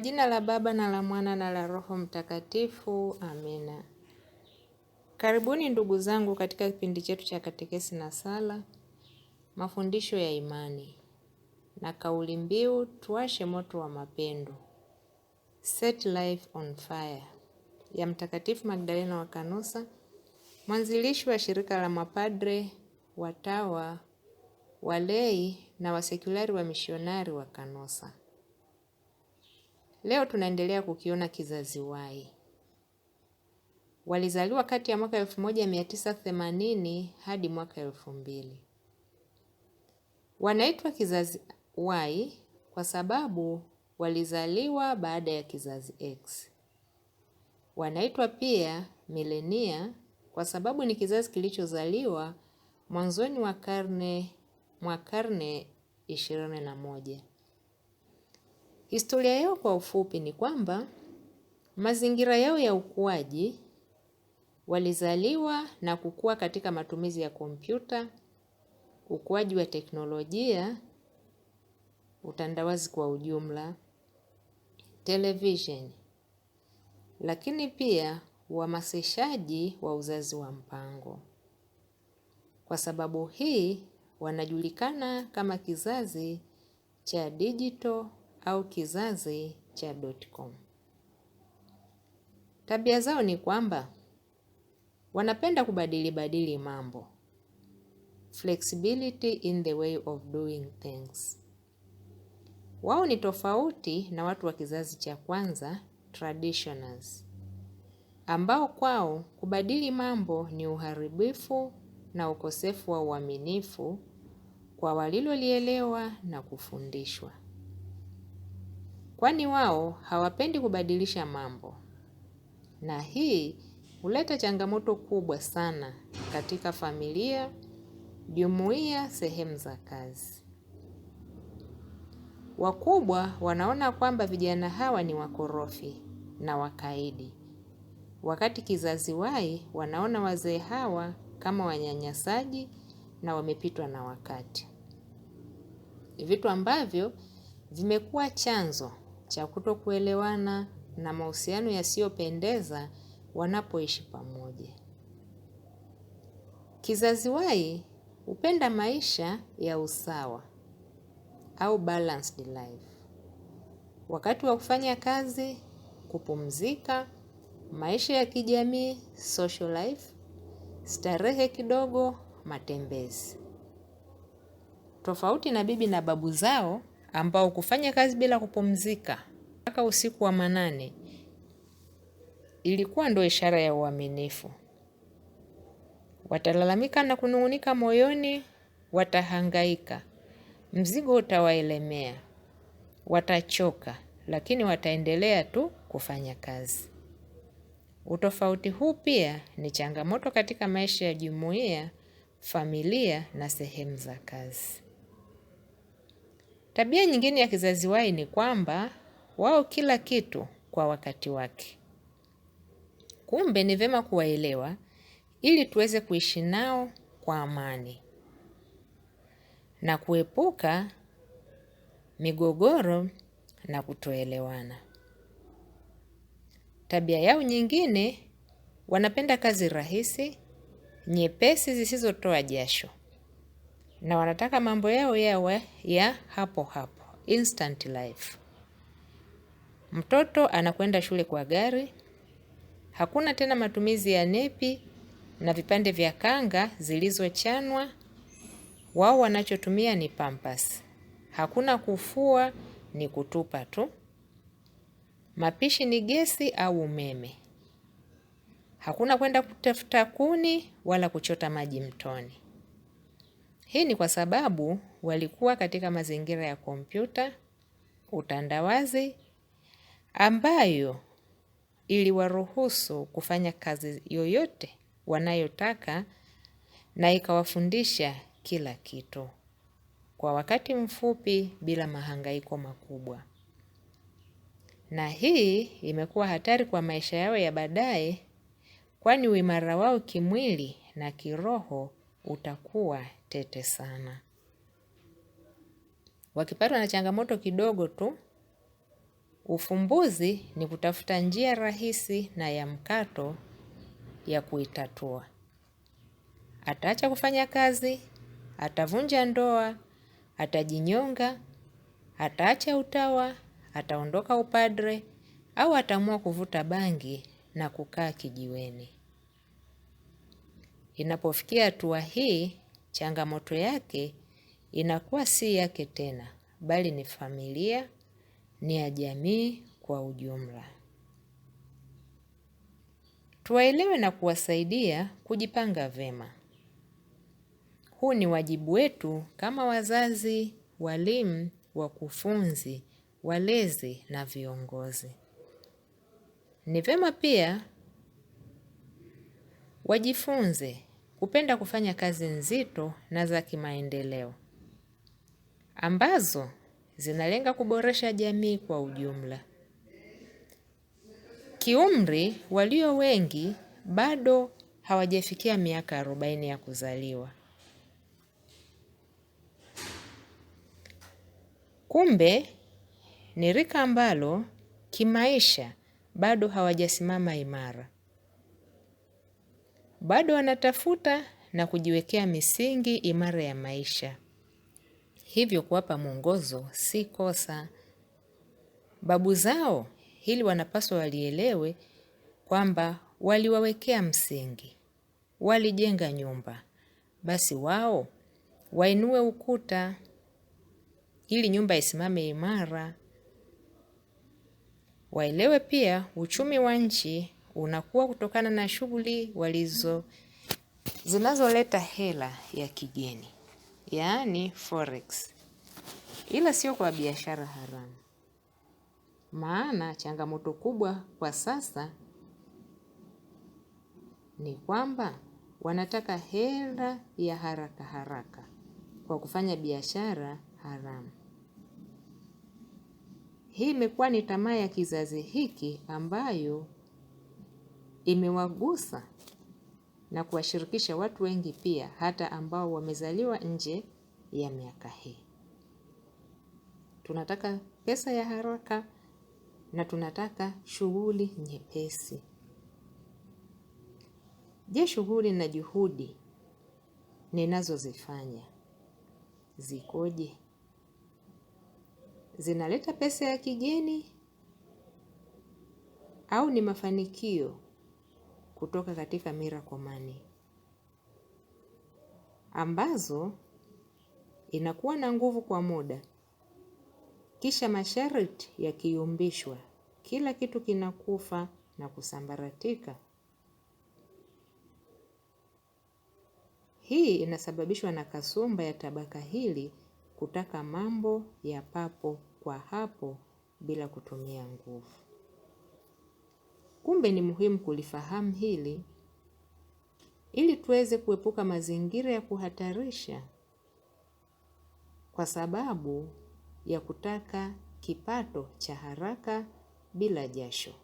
jina la Baba na la Mwana na la Roho Mtakatifu, amina. Karibuni ndugu zangu katika kipindi chetu cha katekesi na sala, mafundisho ya imani na kauli mbiu, tuwashe moto wa mapendo, set life on fire, ya Mtakatifu Magdalena wa Kanosa, mwanzilishi wa shirika la mapadre, watawa, walei na wasekulari wa misionari wa Kanosa. Leo tunaendelea kukiona kizazi wai. Walizaliwa kati ya mwaka 1980 hadi mwaka 2000. Wanaitwa kizazi Y kwa sababu walizaliwa baada ya kizazi X. Wanaitwa pia milenia kwa sababu ni kizazi kilichozaliwa mwanzoni mwa karne mwa karne 21. Historia yao kwa ufupi ni kwamba mazingira yao ya ukuaji walizaliwa na kukua katika matumizi ya kompyuta, ukuaji wa teknolojia, utandawazi kwa ujumla, television, lakini pia uhamasishaji wa uzazi wa mpango. Kwa sababu hii wanajulikana kama kizazi cha digital au kizazi cha .com. Tabia zao ni kwamba wanapenda kubadili badili mambo, flexibility in the way of doing things. Wao ni tofauti na watu wa kizazi cha kwanza traditionals, ambao kwao kubadili mambo ni uharibifu na ukosefu wa uaminifu kwa walilolielewa na kufundishwa kwani wao hawapendi kubadilisha mambo, na hii huleta changamoto kubwa sana katika familia, jumuiya, sehemu za kazi. Wakubwa wanaona kwamba vijana hawa ni wakorofi na wakaidi, wakati kizazi wai wanaona wazee hawa kama wanyanyasaji na wamepitwa na wakati, vitu ambavyo vimekuwa chanzo cha kutokuelewana na mahusiano yasiyopendeza wanapoishi pamoja. Kizazi wai hupenda maisha ya usawa au balanced life. Wakati wa kufanya kazi, kupumzika, maisha ya kijamii, social life, starehe kidogo, matembezi. Tofauti na bibi na babu zao ambao kufanya kazi bila kupumzika mpaka usiku wa manane ilikuwa ndio ishara ya uaminifu. Watalalamika na kunung'unika moyoni, watahangaika, mzigo utawaelemea, watachoka, lakini wataendelea tu kufanya kazi. Utofauti huu pia ni changamoto katika maisha ya jumuiya, familia na sehemu za kazi. Tabia nyingine ya kizazi Y ni kwamba wao kila kitu kwa wakati wake. Kumbe ni vema kuwaelewa ili tuweze kuishi nao kwa amani na kuepuka migogoro na kutoelewana. Tabia yao nyingine, wanapenda kazi rahisi, nyepesi zisizotoa jasho na wanataka mambo yao yawe ya hapo hapo, instant life. Mtoto anakwenda shule kwa gari, hakuna tena matumizi ya nepi na vipande vya kanga zilizochanwa. Wao wanachotumia ni pampas. Hakuna kufua, ni kutupa tu. Mapishi ni gesi au umeme. Hakuna kwenda kutafuta kuni wala kuchota maji mtoni. Hii ni kwa sababu walikuwa katika mazingira ya kompyuta utandawazi ambayo iliwaruhusu kufanya kazi yoyote wanayotaka na ikawafundisha kila kitu kwa wakati mfupi bila mahangaiko makubwa. Na hii imekuwa hatari kwa maisha yao ya baadaye, kwani uimara wao kimwili na kiroho utakuwa tete sana. Wakipatwa na changamoto kidogo tu, ufumbuzi ni kutafuta njia rahisi na ya mkato ya kuitatua. Ataacha kufanya kazi, atavunja ndoa, atajinyonga, ataacha utawa, ataondoka upadre au ataamua kuvuta bangi na kukaa kijiweni. Inapofikia hatua hii, changamoto yake inakuwa si yake tena, bali ni familia, ni ya jamii kwa ujumla. Tuwaelewe na kuwasaidia kujipanga vema. Huu ni wajibu wetu kama wazazi, walimu, wakufunzi, walezi na viongozi. Ni vema pia wajifunze hupenda kufanya kazi nzito na za kimaendeleo ambazo zinalenga kuboresha jamii kwa ujumla. Kiumri walio wengi bado hawajafikia miaka arobaini ya kuzaliwa. Kumbe ni rika ambalo kimaisha bado hawajasimama imara bado wanatafuta na kujiwekea misingi imara ya maisha. Hivyo kuwapa mwongozo si kosa. Babu zao hili wanapaswa walielewe kwamba waliwawekea msingi, walijenga nyumba, basi wao wainue ukuta ili nyumba isimame imara. Waelewe pia uchumi wa nchi unakuwa kutokana na shughuli walizo zinazoleta hela ya kigeni, yaani forex, ila sio kwa biashara haramu. Maana changamoto kubwa kwa sasa ni kwamba wanataka hela ya haraka haraka kwa kufanya biashara haramu. Hii imekuwa ni tamaa ya kizazi hiki ambayo imewagusa na kuwashirikisha watu wengi pia hata ambao wamezaliwa nje ya miaka hii. Tunataka pesa ya haraka na tunataka shughuli nyepesi. Je, shughuli na juhudi ninazozifanya zikoje? Zinaleta pesa ya kigeni au ni mafanikio kutoka katika Miracle Money ambazo inakuwa na nguvu kwa muda, kisha masharti yakiyumbishwa, kila kitu kinakufa na kusambaratika. Hii inasababishwa na kasumba ya tabaka hili kutaka mambo ya papo kwa hapo bila kutumia nguvu. Kumbe ni muhimu kulifahamu hili ili tuweze kuepuka mazingira ya kuhatarisha kwa sababu ya kutaka kipato cha haraka bila jasho.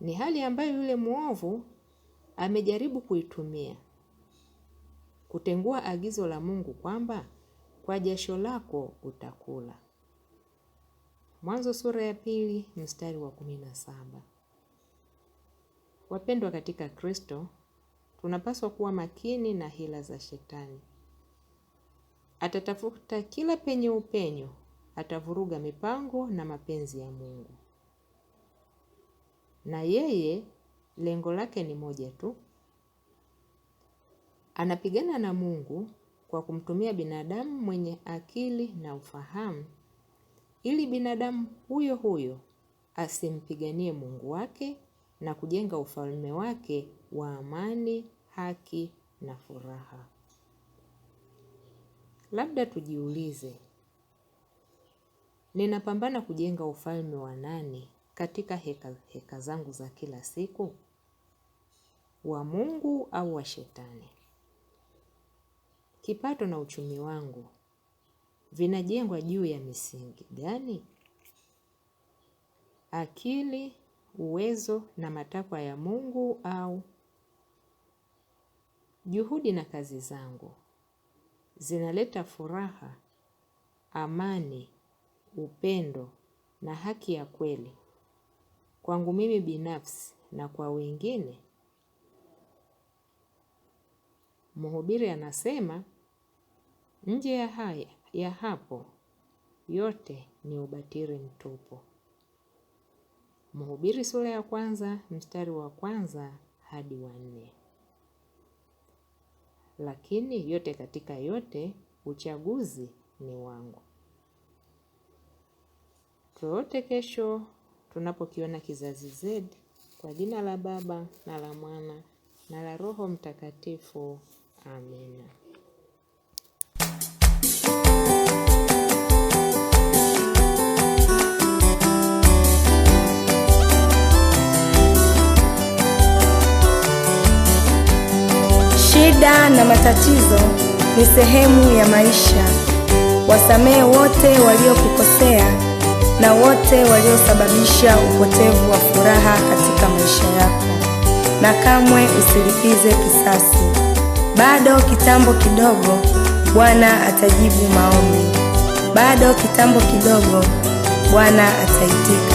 Ni hali ambayo yule mwovu amejaribu kuitumia kutengua agizo la Mungu kwamba kwa jasho lako utakula. Mwanzo sura ya pili mstari wa kumi na saba. Wapendwa katika Kristo, tunapaswa kuwa makini na hila za Shetani. Atatafuta kila penye upenyo, atavuruga mipango na mapenzi ya Mungu. Na yeye lengo lake ni moja tu. Anapigana na Mungu kwa kumtumia binadamu mwenye akili na ufahamu ili binadamu huyo huyo asimpiganie Mungu wake na kujenga ufalme wake wa amani, haki na furaha. Labda tujiulize, ninapambana kujenga ufalme wa nani katika heka heka zangu za kila siku? Wa Mungu au wa Shetani? Kipato na uchumi wangu vinajengwa juu ya misingi gani? Akili uwezo na matakwa ya Mungu au juhudi na kazi zangu zinaleta furaha, amani, upendo na haki ya kweli kwangu mimi binafsi na kwa wengine? Mhubiri anasema nje ya haya ya hapo yote ni ubatili mtupu. Mhubiri sura ya kwanza mstari wa kwanza hadi wa nne. Lakini yote katika yote uchaguzi ni wangu. Tuote kesho tunapokiona kizazi Z kwa jina la Baba na la Mwana na la Roho Mtakatifu. Amina. na matatizo ni sehemu ya maisha. Wasamehe wote waliokukosea na wote waliosababisha upotevu wa furaha katika maisha yako, na kamwe usilipize kisasi. Bado kitambo kidogo, Bwana atajibu maombi. Bado kitambo kidogo, Bwana ataitika.